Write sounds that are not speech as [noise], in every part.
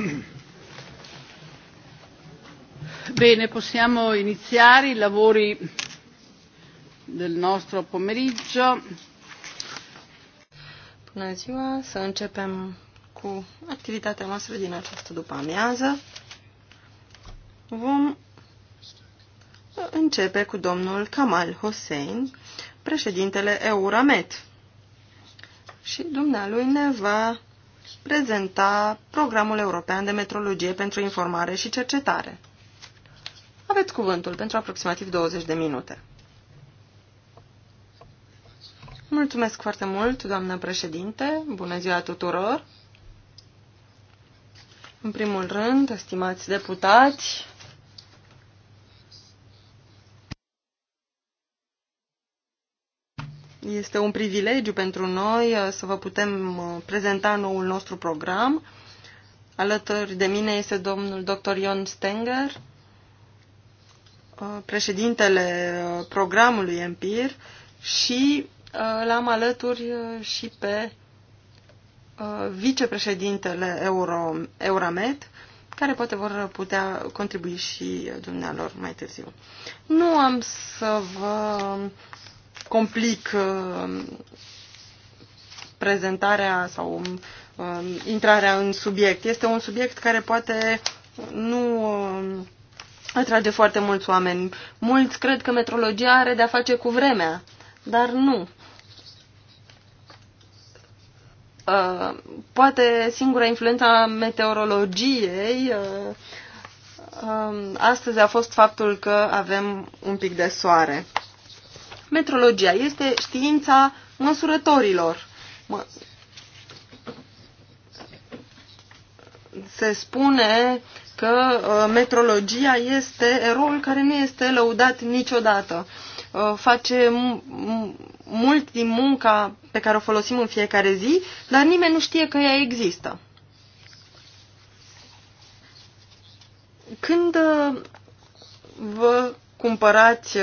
[clears throat] Bene, possiamo iniziare i lavori del nostro pomeriggio. Bună ziua, să începem cu activitatea noastră din această după-amiază. Vom începe cu domnul Kamal Hossein, președintele Euramet. Și dumnealui ne va prezenta Programul European de Metrologie pentru Informare și Cercetare. Aveți cuvântul pentru aproximativ 20 de minute. Mulțumesc foarte mult, doamnă președinte. Bună ziua tuturor. În primul rând, stimați deputați, Este un privilegiu pentru noi uh, să vă putem uh, prezenta noul nostru program. Alături de mine este domnul dr. Ion Stenger, uh, președintele programului EMPIR și l-am alături și pe vicepreședintele Euro, Euramed, care poate vor putea contribui și dumnealor mai târziu. Nu am să vă complic uh, prezentarea sau um, intrarea în subiect. Este un subiect care poate nu um, atrage foarte mulți oameni. Mulți cred că metrologia are de-a face cu vremea, dar nu. Uh, poate singura influența meteorologiei uh, um, astăzi a fost faptul că avem un pic de soare. Metrologia este știința măsurătorilor. Mă... Se spune că uh, metrologia este eroul care nu este lăudat niciodată. Uh, face mult din munca pe care o folosim în fiecare zi, dar nimeni nu știe că ea există. Când uh, vă cumpărați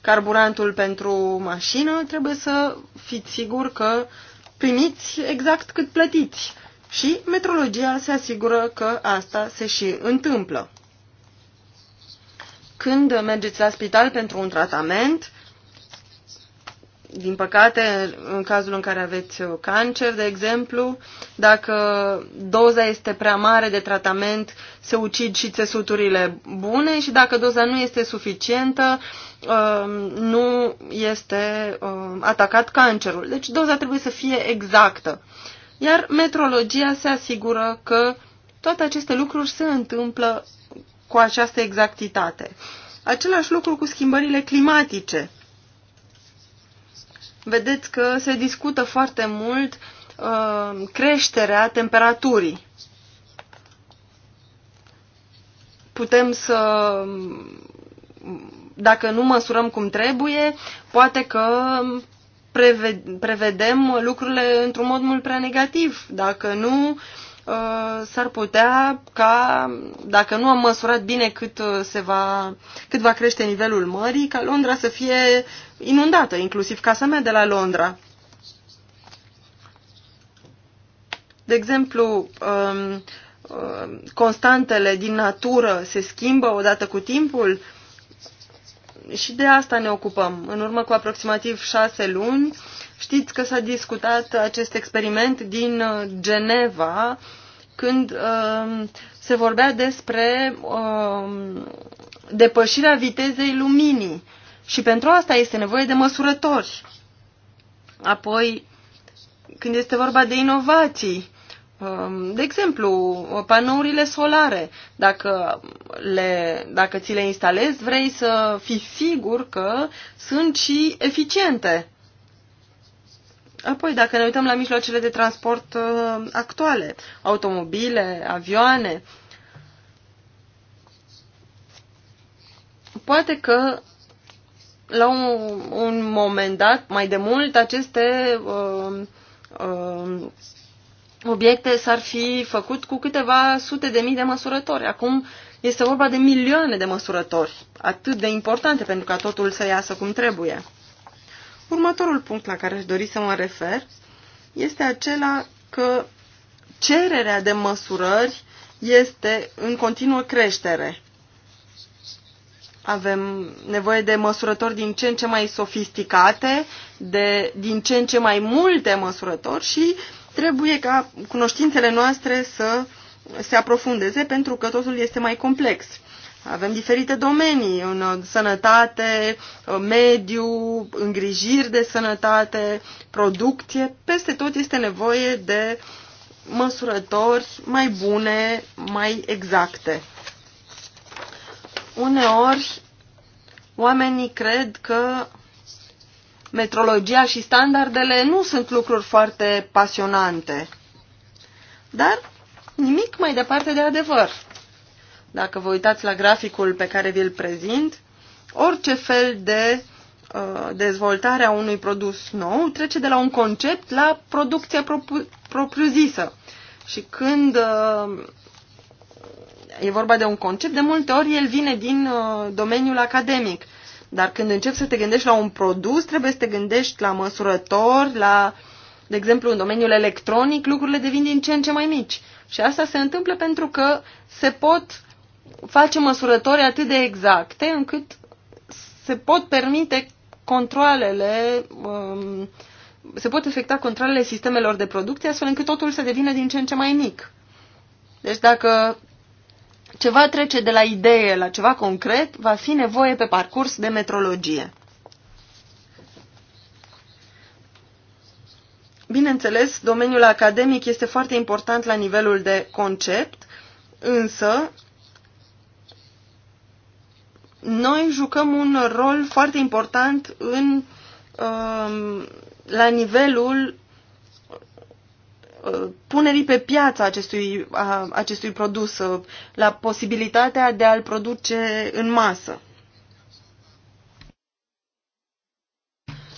carburantul pentru mașină, trebuie să fiți sigur că primiți exact cât plătiți. Și metrologia se asigură că asta se și întâmplă. Când mergeți la spital pentru un tratament, din păcate, în cazul în care aveți cancer, de exemplu, dacă doza este prea mare de tratament, se ucid și țesuturile bune și dacă doza nu este suficientă, um, nu este um, atacat cancerul. Deci doza trebuie să fie exactă. Iar metrologia se asigură că toate aceste lucruri se întâmplă cu această exactitate. Același lucru cu schimbările climatice vedeți că se discută foarte mult uh, creșterea temperaturii. Putem să, dacă nu măsurăm cum trebuie, poate că prevedem lucrurile într-un mod mult prea negativ. Dacă nu, uh, Uh, s-ar putea ca, dacă nu am măsurat bine cât, uh, se va, cât va crește nivelul mării, ca Londra să fie inundată, inclusiv casa mea de la Londra. De exemplu, um, uh, constantele din natură se schimbă odată cu timpul, și de asta ne ocupăm. În urmă cu aproximativ șase luni, știți că s-a discutat acest experiment din uh, Geneva, când uh, se vorbea despre uh, depășirea vitezei luminii. Și pentru asta este nevoie de măsurători. Apoi, când este vorba de inovații, Um, de exemplu, panourile solare, dacă, le, dacă ți le instalezi, vrei să fii sigur că sunt și eficiente. Apoi, dacă ne uităm la mijloacele de transport uh, actuale, automobile, avioane, poate că la un, un moment dat, mai de mult, aceste uh, uh, obiecte s-ar fi făcut cu câteva sute de mii de măsurători. Acum este vorba de milioane de măsurători, atât de importante pentru ca totul să iasă cum trebuie. Următorul punct la care aș dori să mă refer este acela că cererea de măsurări este în continuă creștere. Avem nevoie de măsurători din ce în ce mai sofisticate, de din ce în ce mai multe măsurători și uh, Trebuie ca cunoștințele noastre să se aprofundeze pentru că totul este mai complex. Avem diferite domenii în uh, sănătate, uh, mediu, îngrijiri de sănătate, producție. Peste tot este nevoie de măsurători mai bune, mai exacte. Uneori, oamenii cred că metrologia și standardele nu sunt lucruri foarte pasionante. Dar nimic mai departe de adevăr. Dacă vă uitați la graficul pe care vi-l prezint, orice fel de uh, dezvoltare a unui produs nou trece de la un concept la producția propu- propriu-zisă. Și când uh, e vorba de un concept, de multe ori el vine din uh, domeniul academic. Dar când începi să te gândești la un produs, trebuie să te gândești la măsurători, la, de exemplu, în domeniul electronic, lucrurile devin din ce în ce mai mici. Și asta se întâmplă pentru că se pot face măsurători atât de exacte încât se pot permite controlele, um, se pot efecta controlele sistemelor de producție astfel încât totul să devină din ce în ce mai mic. Deci dacă ceva trece de la idee la ceva concret, va fi nevoie pe parcurs de metrologie. Bineînțeles, domeniul academic este foarte important la nivelul de concept, însă noi jucăm un rol foarte important în, um, la nivelul punerii pe piață acestui, a, acestui produs, uh, la posibilitatea de a-l produce în masă.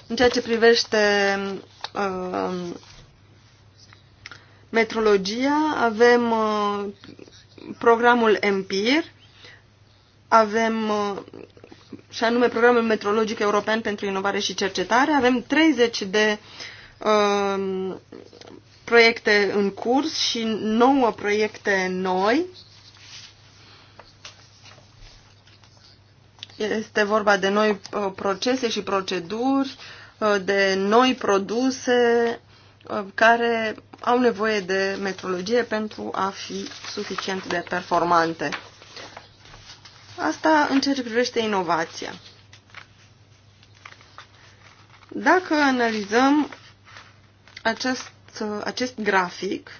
În ceea ce privește a, uh, metrologia, avem a, uh, programul EMPIR, avem a, și anume programul metrologic european pentru inovare și cercetare, avem 30 de a, proiecte în curs și nouă proiecte noi. Este vorba de noi uh, procese și proceduri, uh, de noi produse uh, care au nevoie de metrologie pentru a fi suficient de performante. Asta în ceea ce privește inovația. Dacă analizăm acest acest, uh, acest grafic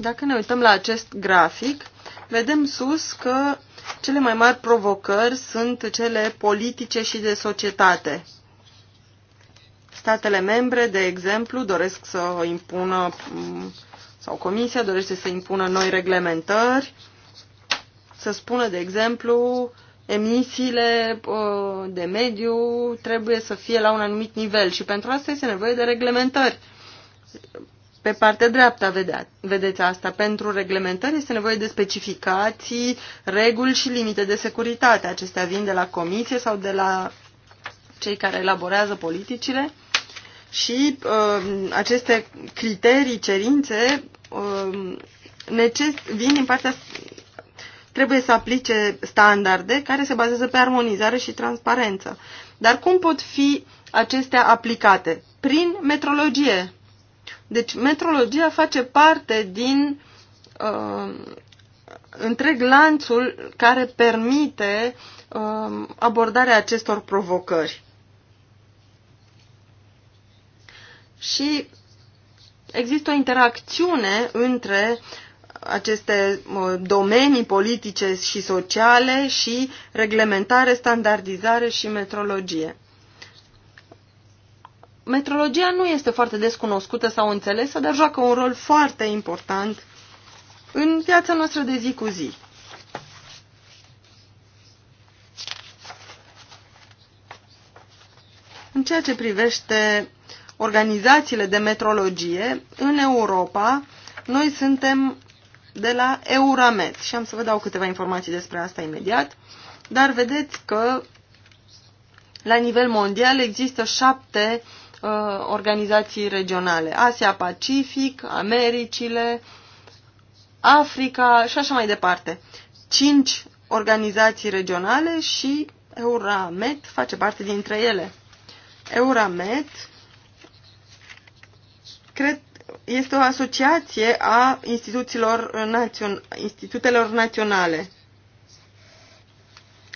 Dacă ne uităm la acest grafic, vedem sus că cele mai mari provocări sunt cele politice și de societate. Statele membre, de exemplu, doresc să impună mm, sau comisia dorește să impună noi reglementări, să spună, de exemplu, emisiile uh, de mediu trebuie să fie la un anumit nivel și pentru asta este nevoie de reglementări. Pe partea dreaptă vedeți asta. Pentru reglementări este nevoie de specificații, reguli și limite de securitate. Acestea vin de la comisie sau de la cei care elaborează politicile și uh, aceste criterii, cerințe Um, vin din partea trebuie să aplice standarde care se bazează pe armonizare și transparență. Dar cum pot fi acestea aplicate? Prin metrologie. Deci metrologia face parte din uh, întreg lanțul care permite uh, abordarea acestor provocări. Și există o interacțiune între aceste domenii politice și sociale și reglementare, standardizare și metrologie. Metrologia nu este foarte descunoscută sau înțelesă, dar joacă un rol foarte important în viața noastră de zi cu zi. În ceea ce privește organizațiile de metrologie, în Europa noi suntem de la Euramet și am să vă dau câteva informații despre asta imediat, dar vedeți că la nivel mondial există șapte uh, organizații regionale. Asia Pacific, Americile, Africa și așa mai departe. Cinci organizații regionale și Euramet face parte dintre ele. Euramet cred, este o asociație a instituțiilor națion, institutelor naționale.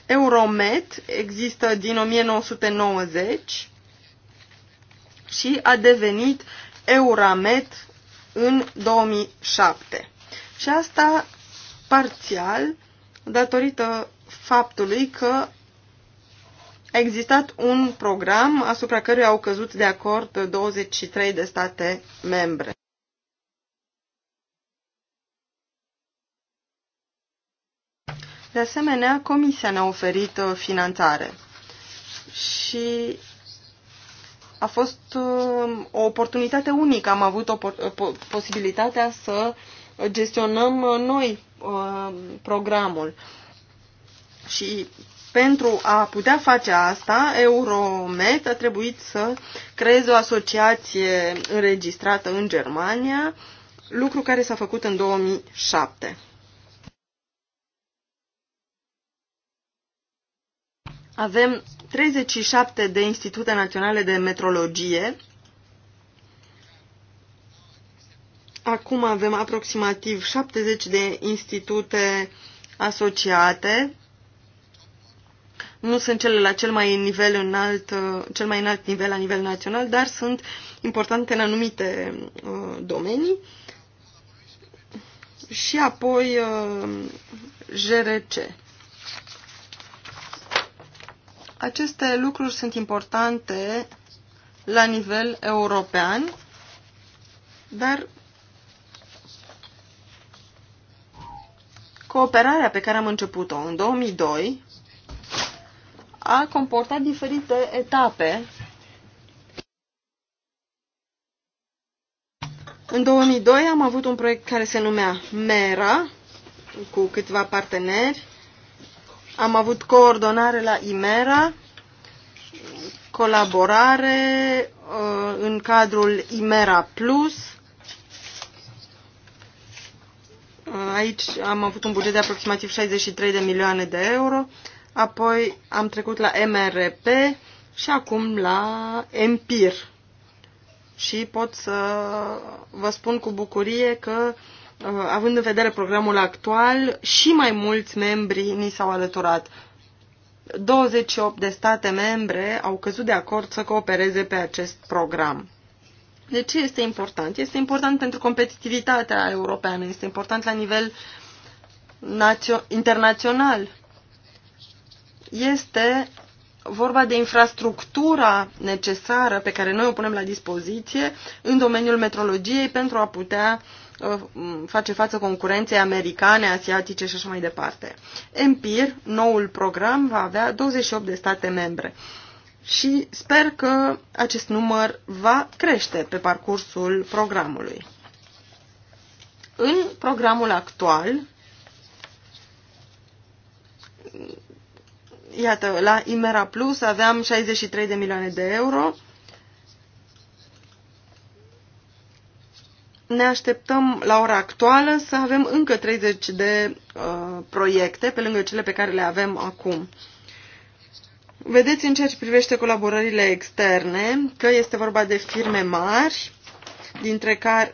Euromet există din 1990 și a devenit Euramet în 2007. Și asta parțial datorită faptului că a existat un program asupra căruia au căzut de acord 23 de state membre. De asemenea, Comisia ne-a oferit uh, finanțare și a fost uh, o oportunitate unică. Am avut o uh, posibilitatea să gestionăm noi programul și pentru a putea face asta, Euromet a trebuit să creeze o asociație înregistrată în Germania, lucru care s-a făcut în 2007. Avem 37 de institute naționale de metrologie. Acum avem aproximativ 70 de institute asociate nu sunt cele la cel mai, nivel înalt, uh, cel mai înalt nivel la nivel național, dar sunt importante în anumite uh, domenii. Și apoi uh, GRC. Aceste lucruri sunt importante la nivel european, dar cooperarea pe care am început-o în 2002 a comportat diferite etape. În 2002 am avut un proiect care se numea MERA, cu câțiva parteneri. Am avut coordonare la IMERA, colaborare uh, în cadrul IMERA Plus. Uh, aici am avut un buget de aproximativ 63 de milioane de euro apoi am trecut la MRP și acum la Empir. Și pot să vă spun cu bucurie că, uh, având în vedere programul actual, și mai mulți membri ni s-au alăturat. 28 de state membre au căzut de acord să coopereze pe acest program. De ce este important? Este important pentru competitivitatea europeană, este important la nivel internațional este vorba de infrastructura necesară pe care noi o punem la dispoziție în domeniul metrologiei pentru a putea uh, face față concurenței americane, asiatice și așa mai departe. Empir, noul program, va avea 28 de state membre și sper că acest număr va crește pe parcursul programului. În programul actual, iată, la Imera Plus aveam 63 de milioane de euro. Ne așteptăm la ora actuală să avem încă 30 de uh, proiecte pe lângă cele pe care le avem acum. Vedeți în ceea ce privește colaborările externe că este vorba de firme mari, dintre care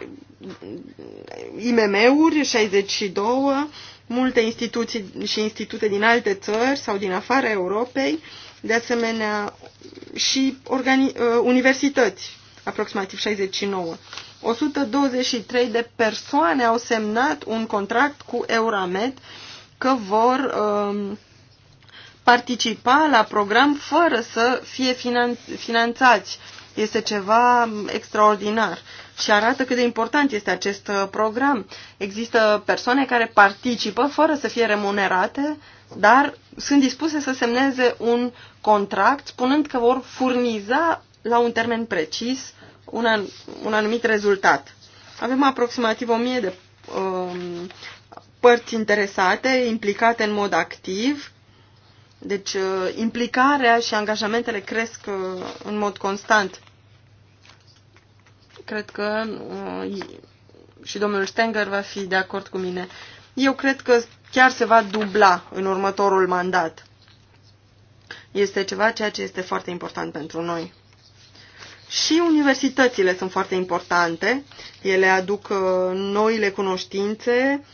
IMM-uri 62, Multe instituții și institute din alte țări sau din afara Europei, de asemenea și uh, universități, aproximativ 69. 123 de persoane au semnat un contract cu Euramed că vor um, participa la program fără să fie finanțați. Este ceva extraordinar și arată cât de important este acest uh, program. Există persoane care participă fără să fie remunerate, dar sunt dispuse să semneze un contract spunând că vor furniza la un termen precis un, an, un anumit rezultat. Avem aproximativ 1000 de um, părți interesate, implicate în mod activ, deci uh, implicarea și angajamentele cresc uh, în mod constant cred că uh, și domnul Stenger va fi de acord cu mine. Eu cred că chiar se va dubla în următorul mandat. Este ceva ceea ce este foarte important pentru noi. Și universitățile sunt foarte importante. Ele aduc uh, noile cunoștințe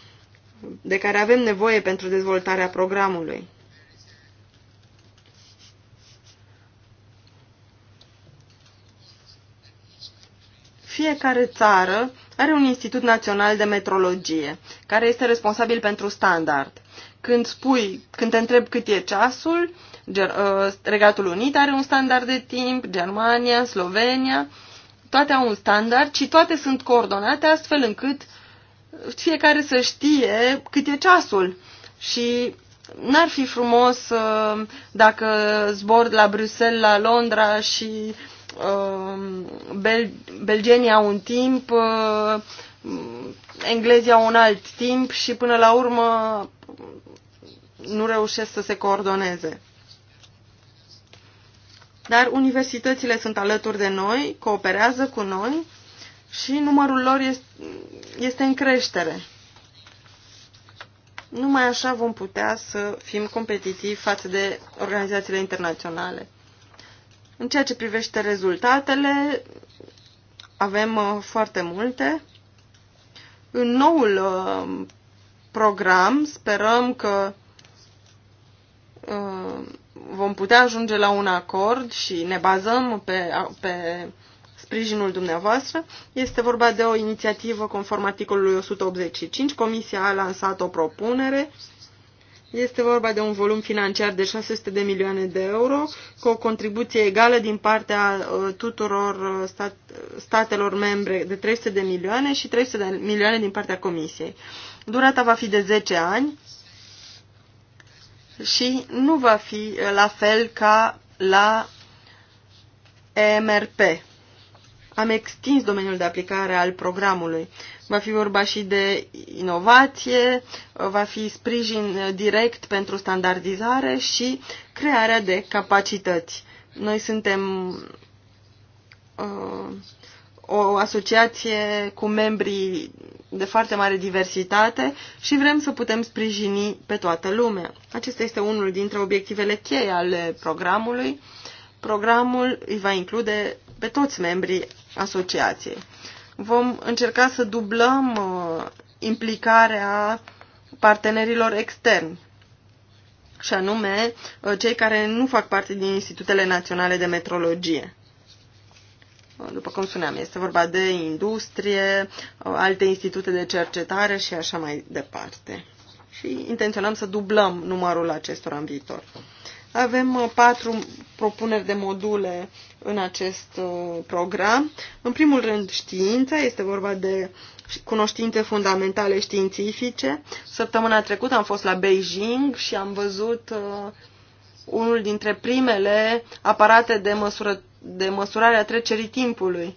de care avem nevoie pentru dezvoltarea programului. Fiecare țară are un institut național de metrologie, care este responsabil pentru standard. Când spui, când te întreb cât e ceasul, uh, Regatul Unit are un standard de timp, Germania, Slovenia, toate au un standard și toate sunt coordonate astfel încât fiecare să știe cât e ceasul. Și n-ar fi frumos uh, dacă zbor la Bruxelles, la Londra și Um, bel belgenii au un timp, uh, englezii au un alt timp și până la urmă nu reușesc să se coordoneze. Dar universitățile sunt alături de noi, cooperează cu noi și numărul lor este, este în creștere. Numai așa vom putea să fim competitivi față de organizațiile internaționale. În ceea ce privește rezultatele, avem uh, foarte multe. În noul uh, program sperăm că uh, vom putea ajunge la un acord și ne bazăm pe, pe sprijinul dumneavoastră. Este vorba de o inițiativă conform articolului 185. Comisia a lansat o propunere este vorba de un volum financiar de 600 de milioane de euro, cu o contribuție egală din partea uh, tuturor uh, stat, statelor membre de 300 de milioane și 300 de milioane din partea Comisiei. Durata va fi de 10 ani și nu va fi uh, la fel ca la EMRP. Am extins domeniul de aplicare al programului va fi vorba și de inovație, va fi sprijin direct pentru standardizare și crearea de capacități. Noi suntem uh, o asociație cu membrii de foarte mare diversitate și vrem să putem sprijini pe toată lumea. Acesta este unul dintre obiectivele cheie ale programului. Programul îi va include pe toți membrii asociației vom încerca să dublăm uh, implicarea partenerilor externi, și anume uh, cei care nu fac parte din institutele naționale de metrologie. Uh, după cum spuneam, este vorba de industrie, alte institute de cercetare și așa mai departe. Și intenționăm să dublăm numărul acestora în viitor. Avem uh, patru propuneri de module în acest uh, program. În primul rând, știința. Este vorba de cunoștințe fundamentale științifice. Săptămâna trecută am fost la Beijing și am văzut uh, unul dintre primele aparate de, măsură, de măsurare a trecerii timpului.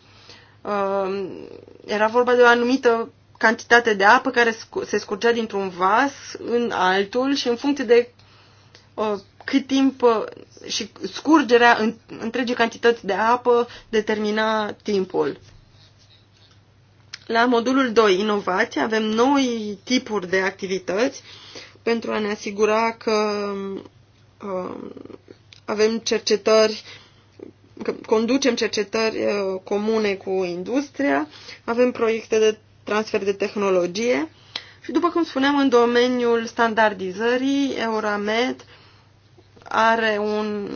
era vorba de o anumită cantitate de apă care se scurgea dintr-un vas în altul și în funcție de cât timp uh, și scurgerea în, întregii cantități de apă determina timpul. La modulul 2, inovație, avem noi tipuri de activități pentru a ne asigura că uh, avem cercetări, că conducem cercetări uh, comune cu industria, avem proiecte de transfer de tehnologie și, după cum spuneam, în domeniul standardizării, Euramed are, un,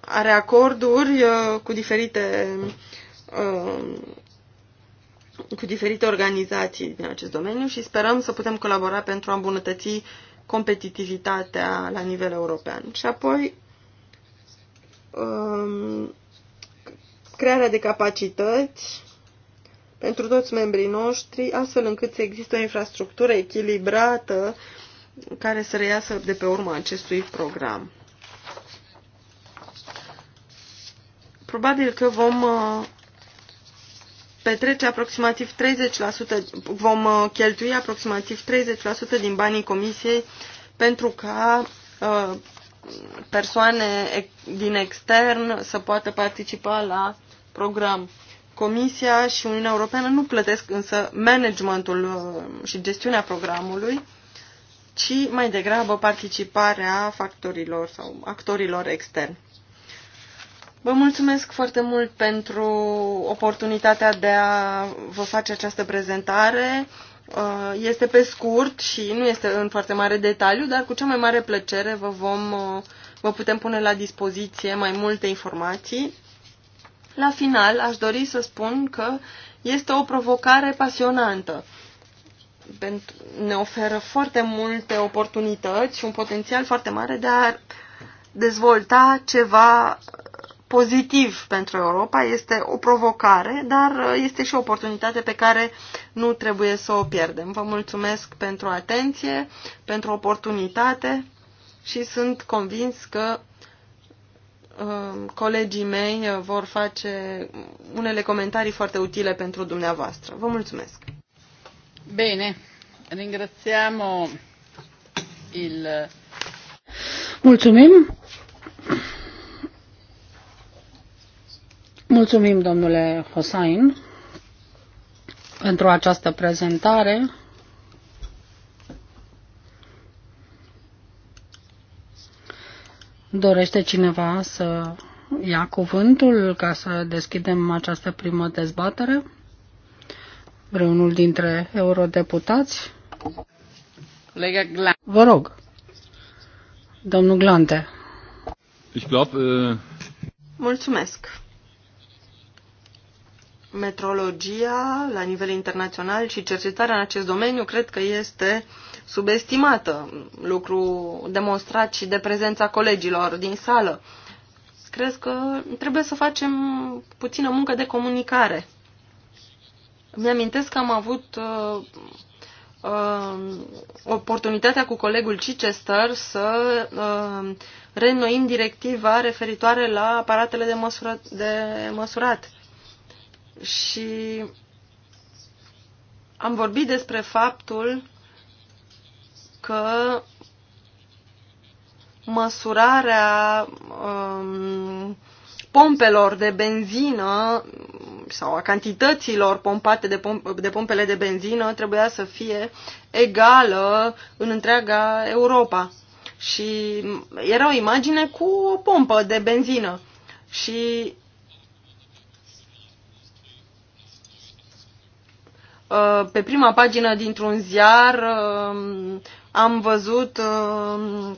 are acorduri uh, cu diferite uh, cu diferite organizații din acest domeniu și sperăm să putem colabora pentru a îmbunătăți competitivitatea la nivel european. Și apoi um, crearea de capacități pentru toți membrii noștri, astfel încât să există o infrastructură echilibrată care să reiasă de pe urma acestui program. Probabil că vom uh, petrece aproximativ 30%, vom uh, cheltui aproximativ 30% din banii comisiei pentru ca uh, persoane din extern să poată participa la program. Comisia și Uniunea Europeană nu plătesc însă managementul și gestiunea programului ci mai degrabă participarea factorilor sau actorilor externi. Vă mulțumesc foarte mult pentru oportunitatea de a vă face această prezentare. Uh, este pe scurt și nu este în foarte mare detaliu, dar cu cea mai mare plăcere vă, vom, uh, vă putem pune la dispoziție mai multe informații. La final, aș dori să spun că este o provocare pasionantă ne oferă foarte multe oportunități și un potențial foarte mare de a dezvolta ceva pozitiv pentru Europa. Este o provocare, dar este și o oportunitate pe care nu trebuie să o pierdem. Vă mulțumesc pentru atenție, pentru oportunitate și sunt convins că um, colegii mei uh, vor face unele comentarii foarte utile pentru dumneavoastră. Vă mulțumesc! Bine, ringraziamo il... Mulțumim. Mulțumim, domnule Hosain, pentru această prezentare. Dorește cineva să ia cuvântul ca să deschidem această primă dezbatere? vreunul dintre eurodeputați? Colega Glante. Vă rog, domnul Glante. Ich glaub, uh... Mulțumesc. Metrologia la nivel internațional și cercetarea în acest domeniu cred că este subestimată, lucru demonstrat și de prezența colegilor din sală. Cred că trebuie să facem puțină muncă de comunicare mi-amintesc că am avut uh, uh, oportunitatea cu colegul Chichester să uh, reînnoim directiva referitoare la aparatele de, măsură, de măsurat. Și am vorbit despre faptul că măsurarea um, pompelor de benzină sau a cantităților pompate de, pom- de pompele de benzină trebuia să fie egală în întreaga Europa. Și era o imagine cu o pompă de benzină. Și uh, pe prima pagină dintr-un ziar uh, am văzut uh,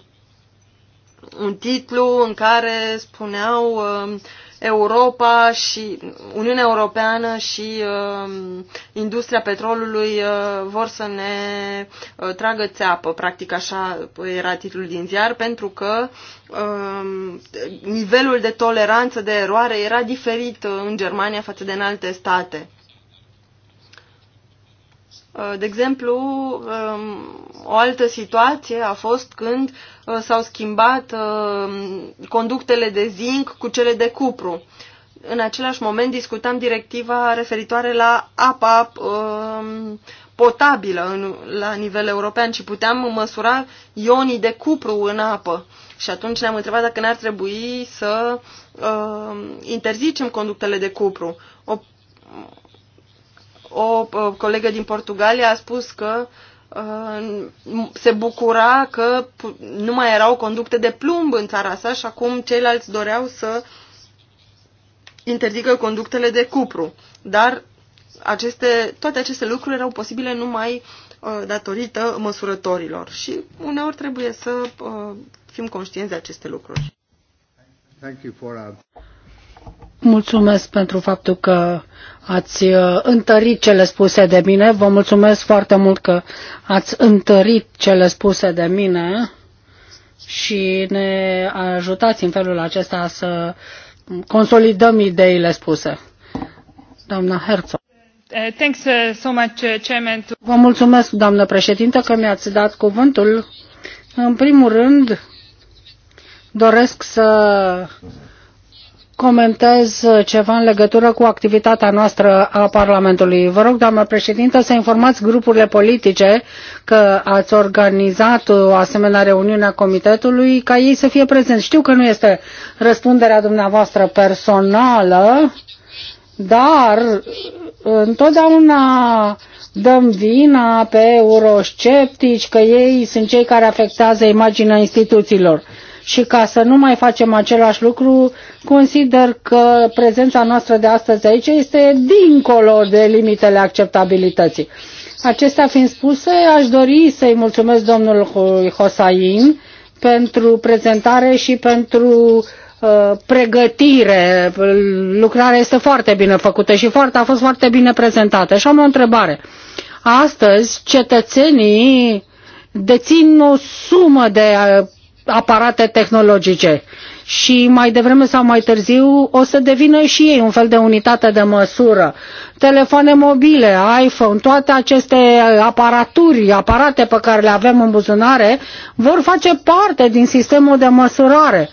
un titlu în care spuneau um, Europa și Uniunea Europeană și um, industria petrolului uh, vor să ne uh, tragă țeapă, practic așa era titlul din ziar, pentru că um, nivelul de toleranță de eroare era diferit uh, în Germania față de în alte state. De exemplu, o altă situație a fost când uh, Uh, s-au schimbat uh, conductele de zinc cu cele de cupru. În același moment discutam directiva referitoare la apa uh, potabilă la nivel european și puteam măsura ionii de cupru în apă. Și atunci ne-am întrebat dacă n-ar trebui să uh, interzicem conductele de cupru. O, o, o colegă din Portugalia a spus că uh, se bucura că nu mai erau conducte de plumb în țara sa și acum ceilalți doreau să interzică conductele de cupru. Dar aceste, toate aceste lucruri erau posibile numai uh, datorită măsurătorilor și uneori trebuie să uh, fim conștienți de aceste lucruri. Thank you for Mulțumesc pentru faptul că ați uh, întărit cele spuse de mine. Vă mulțumesc foarte mult că ați întărit cele spuse de mine și ne ajutați în felul acesta să consolidăm ideile spuse. Doamna Herzog. Uh, thanks uh, so much, Chairman. Vă mulțumesc, doamnă președintă, că mi-ați dat cuvântul. În primul rând, doresc să comentez ceva în legătură cu activitatea noastră a Parlamentului. Vă rog, doamnă președintă, să informați grupurile politice că ați organizat o asemenea reuniune a comitetului ca ei să fie prezenți. Știu că nu este răspunderea dumneavoastră personală, dar întotdeauna dăm vina pe eurosceptici că ei sunt cei care afectează imaginea instituțiilor și ca să nu mai facem același lucru, consider că prezența noastră de astăzi aici este dincolo de limitele acceptabilității. Acestea fiind spuse, aș dori să-i mulțumesc domnului Hosain pentru prezentare și pentru uh, pregătire. Lucrarea este foarte bine făcută și foarte, a fost foarte bine prezentată. Și am o întrebare. Astăzi, cetățenii dețin o sumă de aparate tehnologice. Și mai devreme sau mai târziu o să devină și ei un fel de unitate de măsură. Telefoane mobile, iPhone, toate aceste aparaturi, aparate pe care le avem în buzunare, vor face parte din sistemul de măsurare.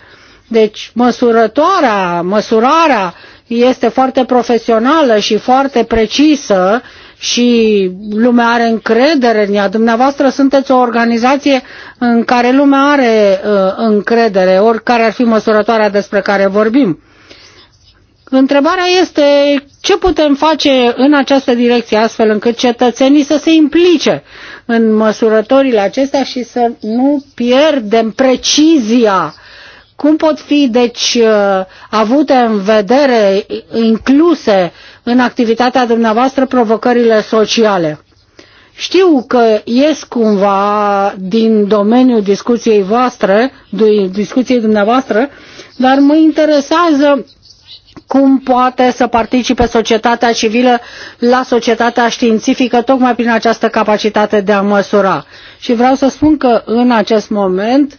Deci măsurătoarea, măsurarea este foarte profesională și foarte precisă și lumea are încredere în ea. Dumneavoastră sunteți o organizație în care lumea are uh, încredere, oricare ar fi măsurătoarea despre care vorbim. Întrebarea este ce putem face în această direcție, astfel încât cetățenii să se implice în măsurătorile acestea și să nu pierdem precizia cum pot fi, deci, uh, avute în vedere, incluse în activitatea dumneavoastră provocările sociale? Știu că ies cumva din domeniul discuției voastre, discuției dumneavoastră, dar mă interesează cum poate să participe societatea civilă la societatea științifică, tocmai prin această capacitate de a măsura. Și vreau să spun că în acest moment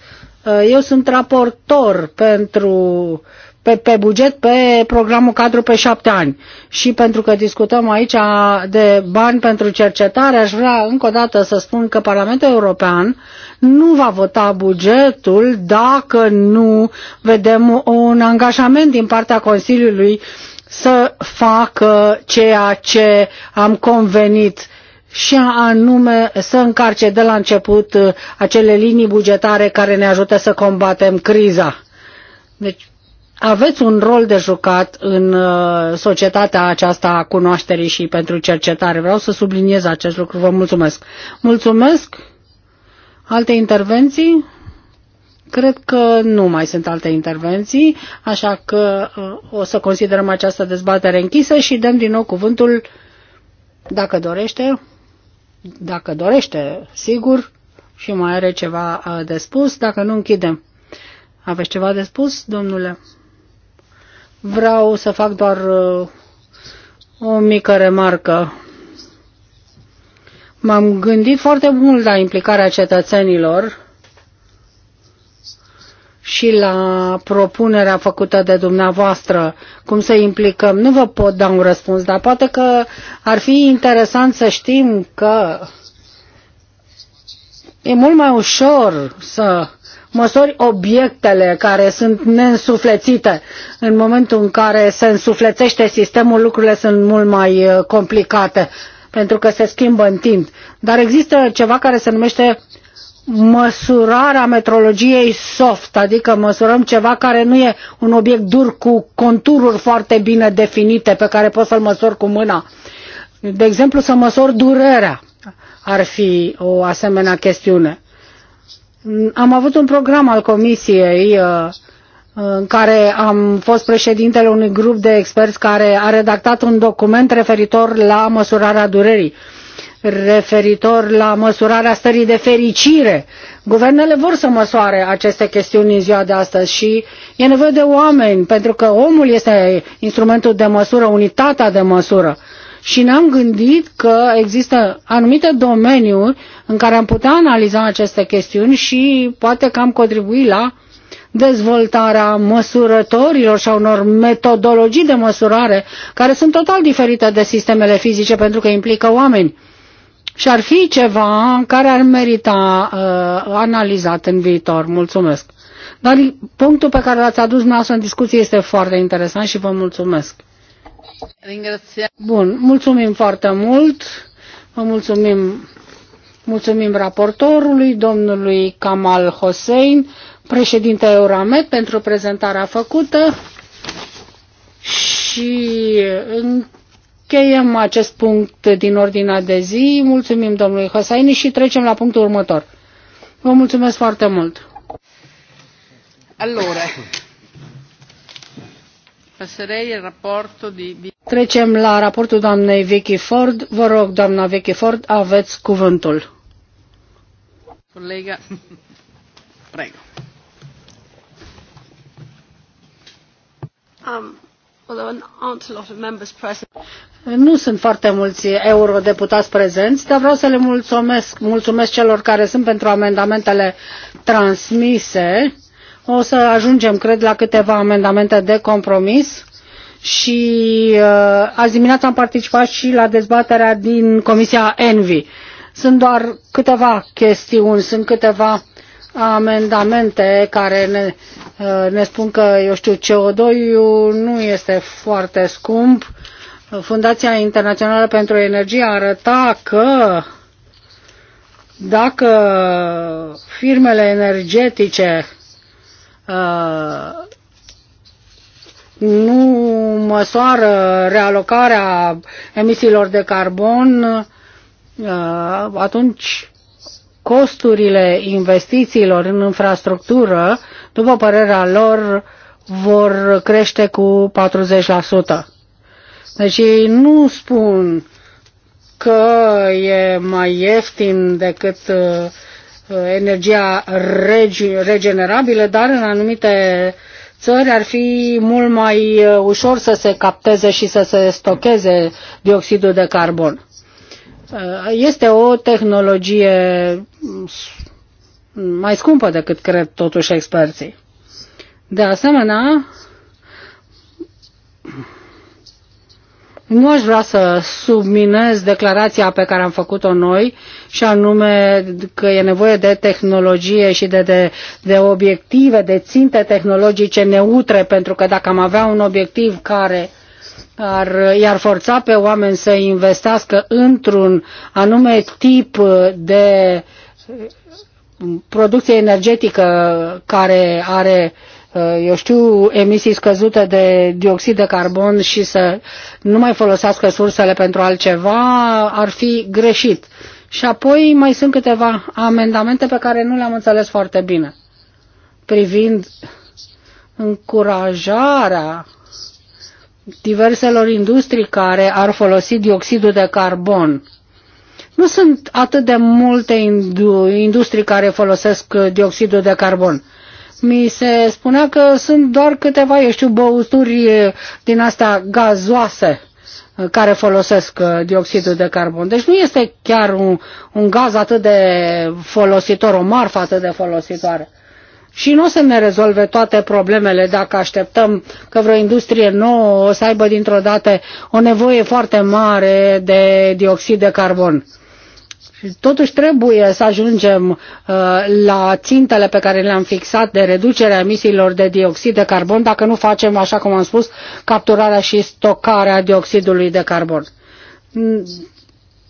Uh, eu sunt raportor pentru pe, pe buget pe programul cadru pe șapte ani. Și pentru că discutăm aici de bani pentru cercetare, aș vrea încă o dată să spun că Parlamentul European nu va vota bugetul dacă nu vedem un angajament din partea Consiliului să facă ceea ce am convenit și anume să încarce de la început uh, acele linii bugetare care ne ajută să combatem criza. Deci aveți un rol de jucat în uh, societatea aceasta a cunoașterii și pentru cercetare. Vreau să subliniez acest lucru. Vă mulțumesc. Mulțumesc. Alte intervenții? Cred că nu mai sunt alte intervenții, așa că uh, o să considerăm această dezbatere închisă și dăm din nou cuvântul, dacă dorește, dacă dorește, sigur, și mai are ceva uh, de spus, dacă nu închidem. Aveți ceva de spus, domnule? Vreau să fac doar uh, o mică remarcă. M-am gândit foarte mult la implicarea cetățenilor și la propunerea făcută de dumneavoastră, cum să implicăm. Nu vă pot da un răspuns, dar poate că ar fi interesant să știm că e mult mai ușor să măsori obiectele care sunt neînsuflețite. În momentul în care se însuflețește sistemul, lucrurile sunt mult mai eh, complicate pentru că se schimbă în timp. Dar există ceva care se numește măsurarea metrologiei soft, adică măsurăm ceva care nu e un obiect dur cu contururi foarte bine definite pe care poți să-l măsori cu mâna. De exemplu, să măsori durerea ar fi o asemenea chestiune. Am avut un program al comisiei uh, în care am fost președintele unui grup de experți care a redactat un document referitor la măsurarea durerii referitor la măsurarea stării de fericire. Guvernele vor să măsoare aceste chestiuni în ziua de astăzi și e nevoie de oameni, pentru că omul este instrumentul de măsură, unitatea de măsură. Și ne-am gândit că există anumite domeniuri în care am putea analiza aceste chestiuni și poate că am contribui la dezvoltarea măsurătorilor și a unor metodologii de măsurare care sunt total diferite de sistemele fizice pentru că implică oameni și ar fi ceva care ar merita uh, analizat în viitor. Mulțumesc. Dar punctul pe care l-ați adus dumneavoastră în discuție este foarte interesant și vă mulțumesc. Bun, mulțumim foarte mult. Vă mulțumim, mulțumim raportorului, domnului Kamal Hossein, președinte Euramed, pentru prezentarea făcută și în Cheiem acest punct din ordinea de zi. Mulțumim domnului Hosaini și trecem la punctul următor. Vă mulțumesc foarte mult. Allora, passerei il rapporto di... Trecem la raportul doamnei Vicky Ford. Vă rog, doamna Vicky Ford, aveți cuvântul. Colega, prego. Am um, nu sunt foarte mulți eurodeputați prezenți, dar vreau să le mulțumesc, mulțumesc celor care sunt pentru amendamentele transmise. O să ajungem, cred, la câteva amendamente de compromis și uh, azi dimineața am participat și la dezbaterea din Comisia Envi. Sunt doar câteva chestiuni, sunt câteva amendamente care ne, uh, ne spun că, eu știu, CO2-ul nu este foarte scump. Fundația Internațională pentru Energie arăta că dacă firmele energetice uh, nu măsoară realocarea emisiilor de carbon, uh, atunci costurile investițiilor în infrastructură, după părerea lor, vor crește cu 40%. Deci ei nu spun că e mai ieftin decât uh, energia regenerabilă, dar în anumite țări ar fi mult mai uh, ușor să se capteze și să se stocheze dioxidul de carbon. Uh, este o tehnologie mai scumpă decât cred totuși experții. De asemenea, nu aș vrea să subminez declarația pe care am făcut-o noi și anume că e nevoie de tehnologie și de, de, de obiective, de ținte tehnologice neutre, pentru că dacă am avea un obiectiv care uh, ar, i-ar forța pe oameni să investească într-un anume tip de producție energetică care are eu știu, emisii scăzute de dioxid de carbon și să nu mai folosească sursele pentru altceva, ar fi greșit. Și apoi mai sunt câteva amendamente pe care nu le-am înțeles foarte bine, privind încurajarea diverselor industrii care ar folosi dioxidul de carbon. Nu sunt atât de multe industrii care folosesc uh, dioxidul de carbon. Mi se spunea că sunt doar câteva, eu știu, băuturi uh, din astea gazoase uh, care folosesc dioxidul de carbon. Deci nu este chiar un, un gaz atât de folositor, o marfă atât de folositoare și nu o să ne rezolve toate problemele dacă așteptăm că vreo industrie nouă o să aibă dintr-o dată o nevoie foarte mare de dioxid de carbon. Și totuși trebuie să ajungem uh, la țintele pe care le-am fixat de reducerea emisiilor de dioxid de carbon dacă nu facem, așa cum am spus, capturarea și stocarea dioxidului de carbon.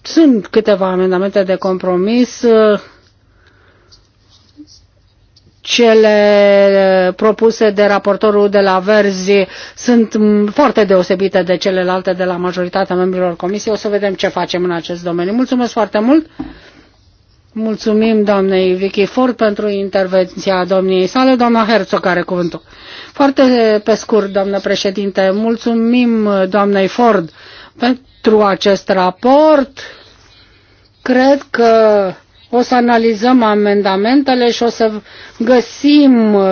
Sunt câteva amendamente de compromis. Uh, cele eh, propuse de raportorul de la Verzi sunt mm, foarte deosebite de celelalte de la majoritatea membrilor comisiei. O să vedem ce facem în acest domeniu. Mulțumesc foarte mult! Mulțumim doamnei Vicky Ford pentru intervenția domniei sale. Doamna Herzog are cuvântul. Foarte pe scurt, doamnă președinte, mulțumim doamnei Ford pentru acest raport. Cred că o să analizăm amendamentele și o să găsim uh,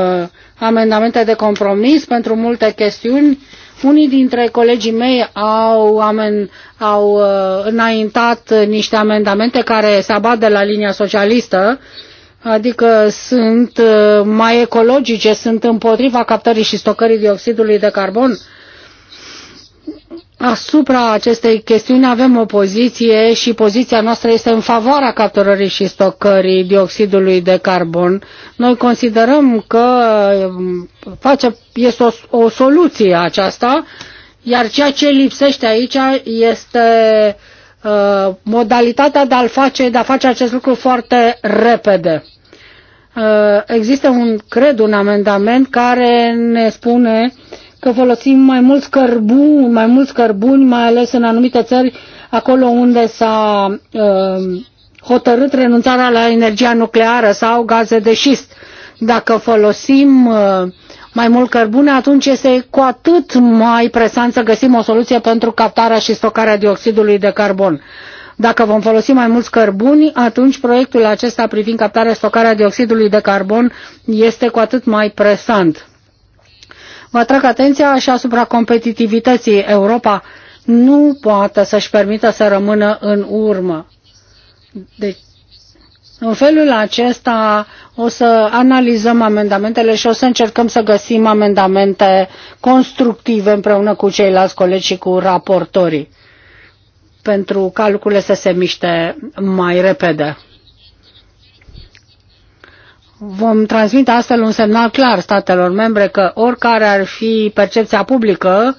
amendamente de compromis pentru multe chestiuni. Unii dintre colegii mei au, amen, au uh, înaintat niște amendamente care se abat de la linia socialistă, adică sunt uh, mai ecologice, sunt împotriva captării și stocării dioxidului de carbon Asupra acestei chestiuni avem o poziție și poziția noastră este în favoarea capturării și stocării dioxidului de carbon. Noi considerăm că um, face, este o, o soluție aceasta, iar ceea ce lipsește aici este uh, modalitatea de a face, de a face acest lucru foarte repede. Uh, există un, cred, un amendament care ne spune uh, că folosim mai mulți cărbuni, mai mulți cărbuni, mai ales în anumite țări, acolo unde s-a uh, hotărât renunțarea la energia nucleară sau gaze de șist. Dacă folosim uh, mai mult cărbune, atunci este cu atât mai presant să găsim o soluție pentru captarea și stocarea dioxidului de carbon. Dacă vom folosi mai mulți cărbuni, atunci proiectul acesta privind captarea stocarea dioxidului de carbon este cu atât mai presant. Vă atrag atenția și asupra competitivității. Europa nu poate să-și permită să rămână în urmă. Deci, în felul acesta o să analizăm amendamentele și o să încercăm să găsim amendamente constructive împreună cu ceilalți colegi și cu raportorii pentru ca lucrurile să se miște mai repede vom transmite astfel un semnal clar statelor membre că oricare ar fi percepția publică,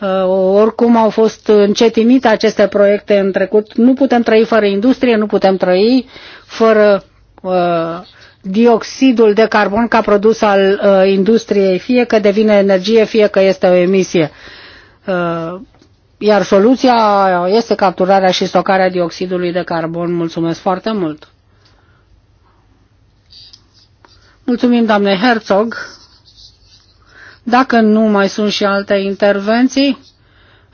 uh, oricum au fost încetinite aceste proiecte în trecut, nu putem trăi fără industrie, nu putem trăi fără uh, dioxidul de carbon ca produs al uh, industriei, fie că devine energie, fie că este o emisie. Uh, iar soluția este capturarea și stocarea dioxidului de carbon. Mulțumesc foarte mult! Mulțumim, doamne Herzog. Dacă nu mai sunt și alte intervenții,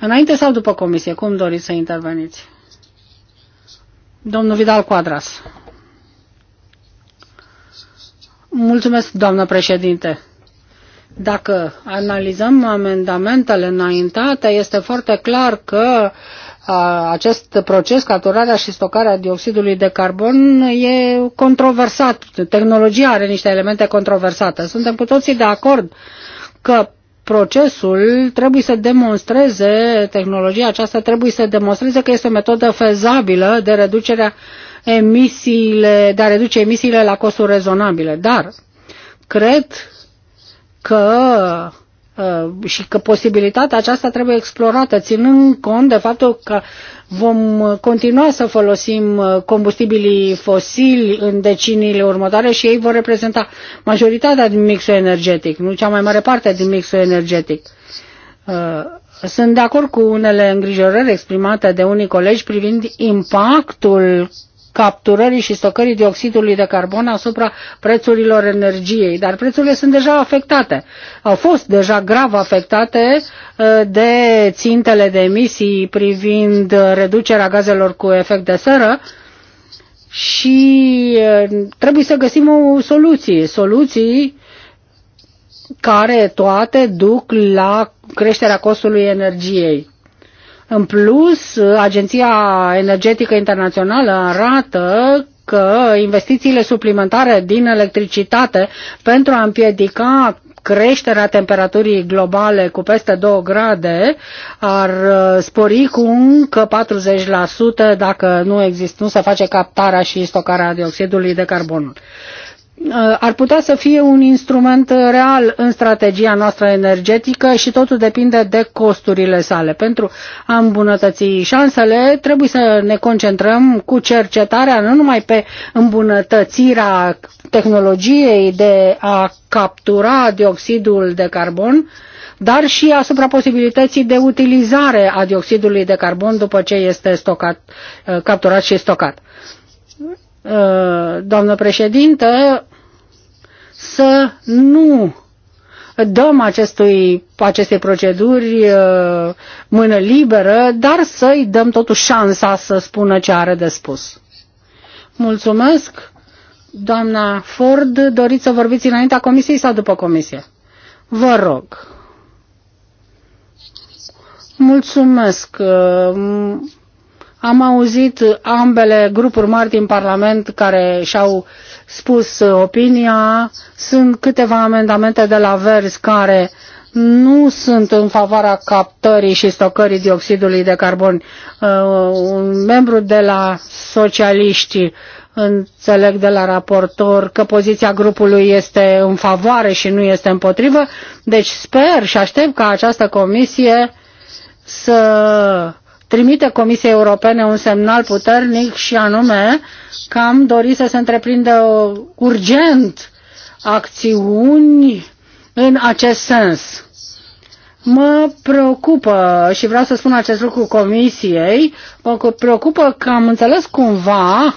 înainte sau după comisie, cum doriți să interveniți? Domnul Vidal Quadras. Mulțumesc, doamnă președinte. Dacă analizăm amendamentele înaintate, este foarte clar că uh, acest proces, capturarea și stocarea dioxidului de carbon, e controversat. Tehnologia are niște elemente controversate. Suntem cu toții de acord că procesul trebuie să demonstreze, tehnologia aceasta trebuie să demonstreze că este o metodă fezabilă de reducerea emisiile, de a reduce emisiile la costuri rezonabile. Dar cred că Uh, și că posibilitatea aceasta trebuie explorată, ținând cont de faptul că vom uh, continua să folosim uh, combustibilii fosili în deciniile următoare și ei vor reprezenta majoritatea din mixul energetic, nu cea mai mare parte din mixul energetic. Sunt de acord cu unele îngrijorări exprimate de unii colegi privind impactul capturării și stocării dioxidului de carbon asupra prețurilor energiei. Dar prețurile sunt deja afectate. Au fost deja grav afectate uh, de țintele de emisii privind uh, reducerea gazelor cu efect de seră, și uh, trebuie să găsim o soluție, soluții care toate duc la creșterea costului energiei. În plus, Agenția Energetică Internațională arată că investițiile suplimentare din electricitate pentru a împiedica creșterea temperaturii globale cu peste 2 grade ar uh, spori cu încă 40% dacă nu, exist, nu se face captarea și stocarea dioxidului de carbon. Uh, ar putea să fie un instrument real în strategia noastră energetică și totul depinde de costurile sale. Pentru a îmbunătăți șansele, trebuie să ne concentrăm cu cercetarea nu numai pe îmbunătățirea tehnologiei de a captura dioxidul de carbon, dar și asupra posibilității de utilizare a dioxidului de carbon după ce este stocat, uh, capturat și stocat Uh, doamnă președintă, să nu dăm acestui, aceste proceduri uh, mână liberă, dar să-i dăm totuși șansa să spună ce are de spus. Mulțumesc. Doamna Ford, doriți să vorbiți înaintea comisiei sau după comisie? Vă rog. Mulțumesc. Uh, am auzit ambele grupuri mari din Parlament care și-au spus opinia. Sunt câteva amendamente de la Verzi care nu sunt în favoarea captării și stocării dioxidului de carbon. Uh, un membru de la socialiști înțeleg de la raportor că poziția grupului este în favoare și nu este împotrivă, deci sper și aștept ca această comisie să trimite Comisiei Europene un semnal puternic și anume că am dorit să se întreprindă urgent acțiuni în acest sens. Mă preocupă și vreau să spun acest lucru Comisiei, mă preocupă că am înțeles cumva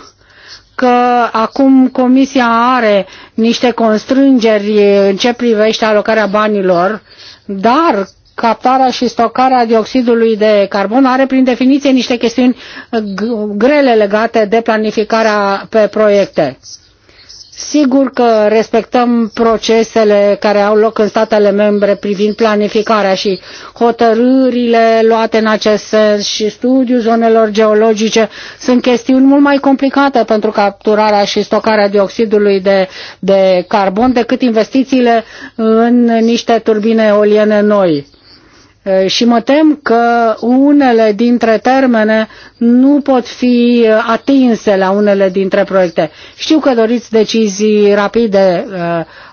că acum Comisia are niște constrângeri în ce privește alocarea banilor, dar captarea și stocarea dioxidului de carbon are prin definiție niște chestiuni grele legate de planificarea pe proiecte. Sigur că respectăm procesele care au loc în statele membre privind planificarea și hotărârile luate în acest sens și studiul zonelor geologice sunt chestiuni mult mai complicate pentru capturarea și stocarea dioxidului de, de carbon decât investițiile în niște turbine eoliene noi și mă tem că unele dintre termene nu pot fi atinse la unele dintre proiecte. Știu că doriți decizii rapide,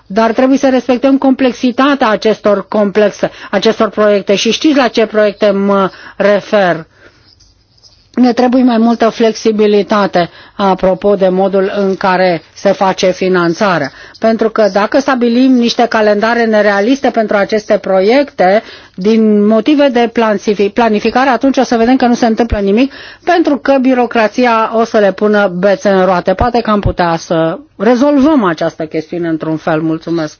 dar trebuie să respectăm complexitatea acestor complexe, acestor proiecte și știți la ce proiecte mă refer ne trebuie mai multă flexibilitate apropo de modul în care se face finanțarea. Pentru că dacă stabilim niște calendare nerealiste pentru aceste proiecte, din motive de planificare, atunci o să vedem că nu se întâmplă nimic, pentru că birocrația o să le pună bețe în roate. Poate că am putea să rezolvăm această chestiune într-un fel. Mulțumesc.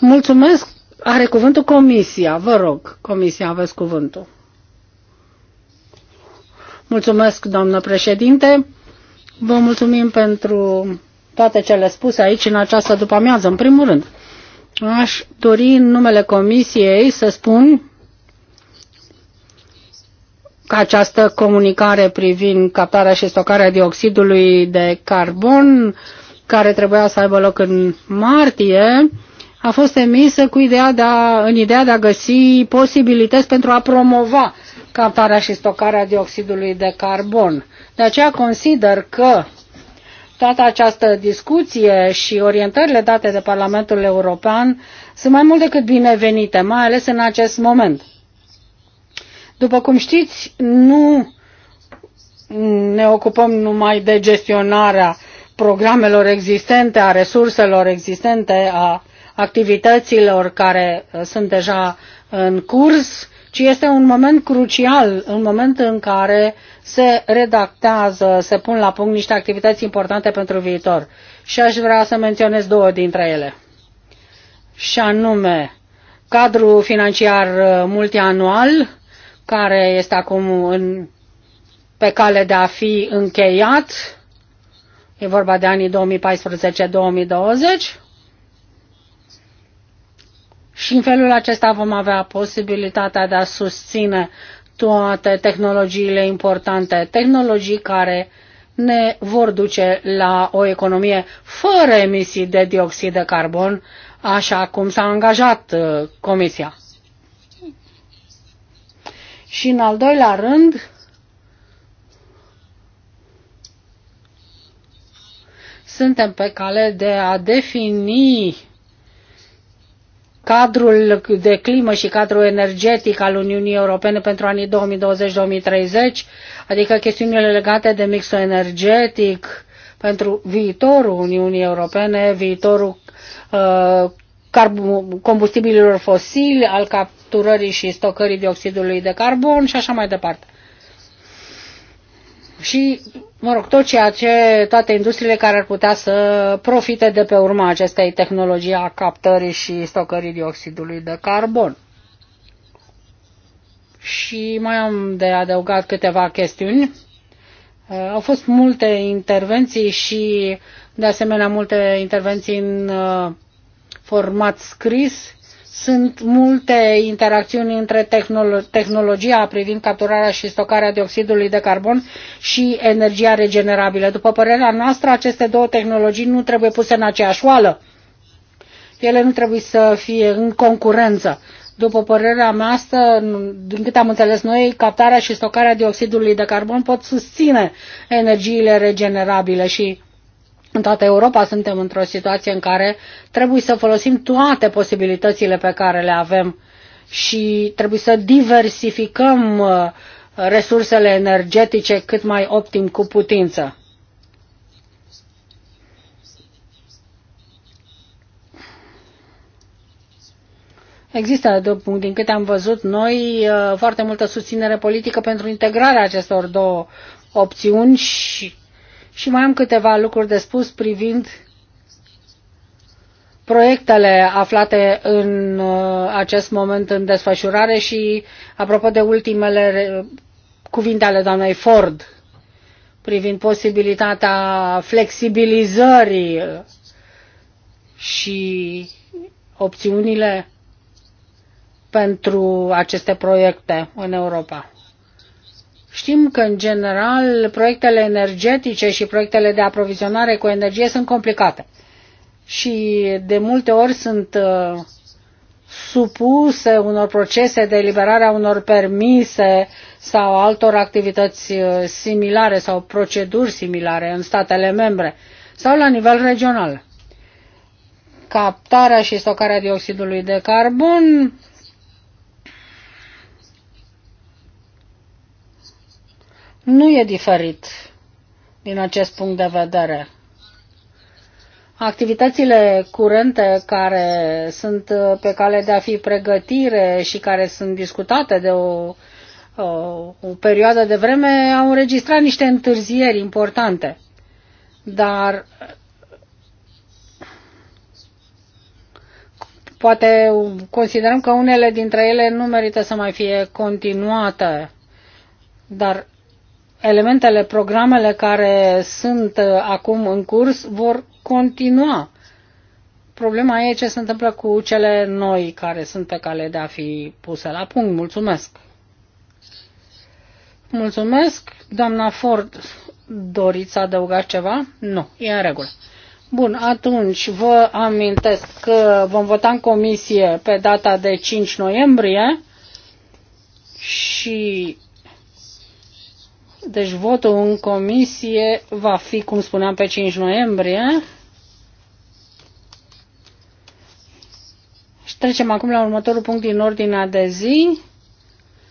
Mulțumesc. Are cuvântul Comisia. Vă rog, Comisia, aveți cuvântul. Mulțumesc, doamnă președinte. Vă mulțumim pentru toate cele spuse aici în această după-amiază, în primul rând. Aș dori în numele Comisiei să spun că această comunicare privind captarea și stocarea dioxidului de carbon, care trebuia să aibă loc în martie, a fost emisă cu ideea de a, în ideea de a găsi posibilități pentru a promova captarea și stocarea dioxidului de carbon. De aceea consider că toată această discuție și orientările date de Parlamentul European sunt mai mult decât binevenite, mai ales în acest moment. După cum știți, nu ne ocupăm numai de gestionarea programelor existente, a resurselor existente, a activităților care sunt deja în curs, ci este un moment crucial, un moment în care se redactează, se pun la punct niște activități importante pentru viitor. Și aș vrea să menționez două dintre ele. Și anume, cadrul financiar uh, multianual, care este acum în, pe cale de a fi încheiat, e vorba de anii 2014-2020, și în felul acesta vom avea posibilitatea de a susține toate tehnologiile importante, tehnologii care ne vor duce la o economie fără emisii de dioxid de carbon, așa cum s-a angajat uh, Comisia. Și în al doilea rând, suntem pe cale de a defini cadrul de climă și cadrul energetic al Uniunii Europene pentru anii 2020-2030, adică chestiunile legate de mixul energetic pentru viitorul Uniunii Europene, viitorul uh, combustibililor fosili, al capturării și stocării dioxidului de carbon și așa mai departe și, mă rog, tot ceea ce, toate industriile care ar putea să profite de pe urma acestei tehnologii a captării și stocării dioxidului de carbon. Și mai am de adăugat câteva chestiuni. Uh, au fost multe intervenții și, de asemenea, multe intervenții în uh, format scris sunt multe interacțiuni între tehnolo- tehnologia privind capturarea și stocarea dioxidului de carbon și energia regenerabilă. După părerea noastră, aceste două tehnologii nu trebuie puse în aceeași oală. Ele nu trebuie să fie în concurență. După părerea mea, din cât am înțeles noi, captarea și stocarea dioxidului de carbon pot susține energiile regenerabile și în toată Europa suntem într-o situație în care trebuie să folosim toate posibilitățile pe care le avem și trebuie să diversificăm uh, resursele energetice cât mai optim cu putință. Există, din câte am văzut noi, uh, foarte multă susținere politică pentru integrarea acestor două opțiuni și și mai am câteva lucruri de spus privind proiectele aflate în uh, acest moment în desfășurare și apropo de ultimele cuvinte ale doamnei Ford privind posibilitatea flexibilizării și opțiunile pentru aceste proiecte în Europa. Știm că, în general, proiectele energetice și proiectele de aprovizionare cu energie sunt complicate și de multe ori sunt uh, supuse unor procese de eliberare a unor permise sau altor activități uh, similare sau proceduri similare în statele membre sau la nivel regional. Captarea și stocarea dioxidului de carbon nu e diferit din acest punct de vedere. Activitățile curente care sunt uh, pe cale de a fi pregătire și care sunt discutate de o, o, o perioadă de vreme au înregistrat niște întârzieri importante. Dar poate considerăm că unele dintre ele nu merită să mai fie continuate, dar elementele, programele care sunt uh, acum în curs vor continua. Problema e ce se întâmplă cu cele noi care sunt pe cale de a fi puse la punct. Mulțumesc! Mulțumesc, doamna Ford. Doriți să adăugați ceva? Nu, e în regulă. Bun, atunci vă amintesc că vom vota în comisie pe data de 5 noiembrie și deci votul în comisie va fi, cum spuneam, pe 5 noiembrie. Și trecem acum la următorul punct din ordinea de zi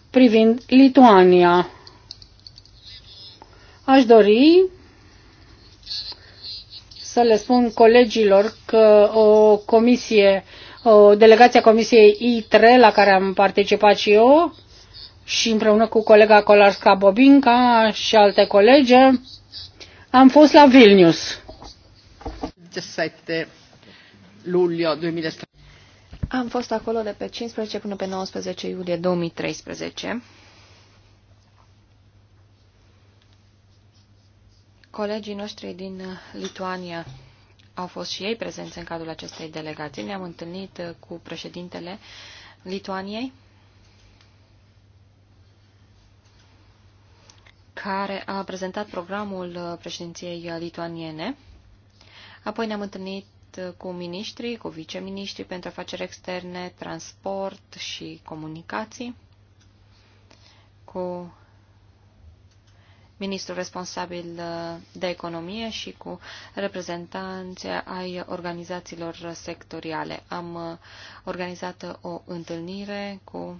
privind Lituania. Aș dori să le spun colegilor că o comisie, o delegație a comisiei I3 la care am participat și eu, și împreună cu colega Colarska Bobinca și alte colege am fost la Vilnius. 17 luglio 2013. Am fost acolo de pe 15 până pe 19 iulie 2013. Colegii noștri din Lituania au fost și ei prezenți în cadrul acestei delegații. Ne-am întâlnit cu președintele Lituaniei care a prezentat programul uh, președinției uh, lituaniene. Apoi ne-am întâlnit uh, cu miniștrii, cu viceministrii pentru afaceri externe, transport și comunicații, cu ministrul responsabil de economie și cu reprezentanții ai organizațiilor sectoriale. Am organizat o întâlnire cu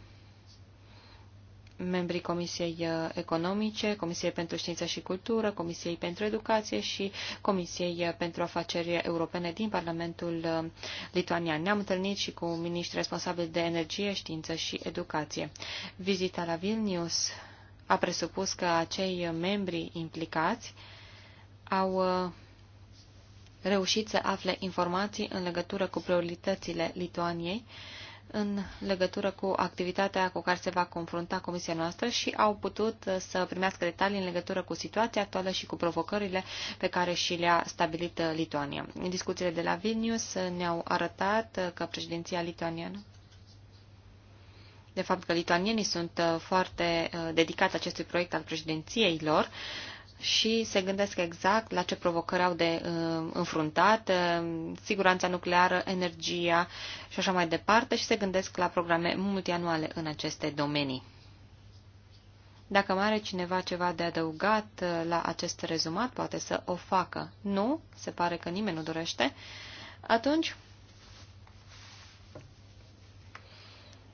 membrii Comisiei uh, Economice, Comisiei pentru Știință și Cultură, Comisiei pentru Educație și Comisiei uh, pentru Afaceri Europene din Parlamentul uh, Lituanian. Ne-am întâlnit și cu miniștri responsabili de energie, știință și educație. Vizita la Vilnius a presupus că acei membri implicați au reușit să afle informații în legătură cu prioritățile Lituaniei, în legătură cu activitatea cu care se va confrunta comisia noastră și au putut să primească detalii în legătură cu situația actuală și cu provocările pe care și le-a stabilit uh, Lituania. Discuțiile de la Vilnius ne-au arătat uh, că președinția lituaniană de fapt că lituanienii sunt uh, foarte dedicați acestui proiect al președinției lor, și se gândesc exact la ce provocări au de uh, înfruntat, uh, siguranța nucleară, energia și așa mai departe și se gândesc la programe multianuale în aceste domenii. Dacă mai are cineva ceva de adăugat uh, la acest rezumat, poate să o facă. Nu, se pare că nimeni nu dorește. Atunci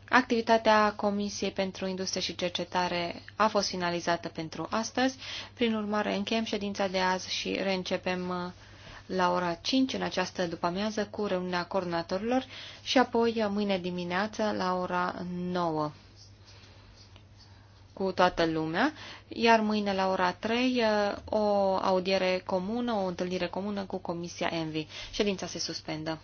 Activitatea Comisiei pentru Industrie și Cercetare a fost finalizată pentru astăzi. Prin urmare, încheiem ședința de azi și reîncepem uh, la ora 5 în această după-amiază cu reuniunea coordonatorilor și apoi uh, mâine dimineață la ora 9 cu toată lumea, iar mâine la ora 3 uh, o audiere comună, o întâlnire comună cu Comisia Envi. Ședința se suspendă.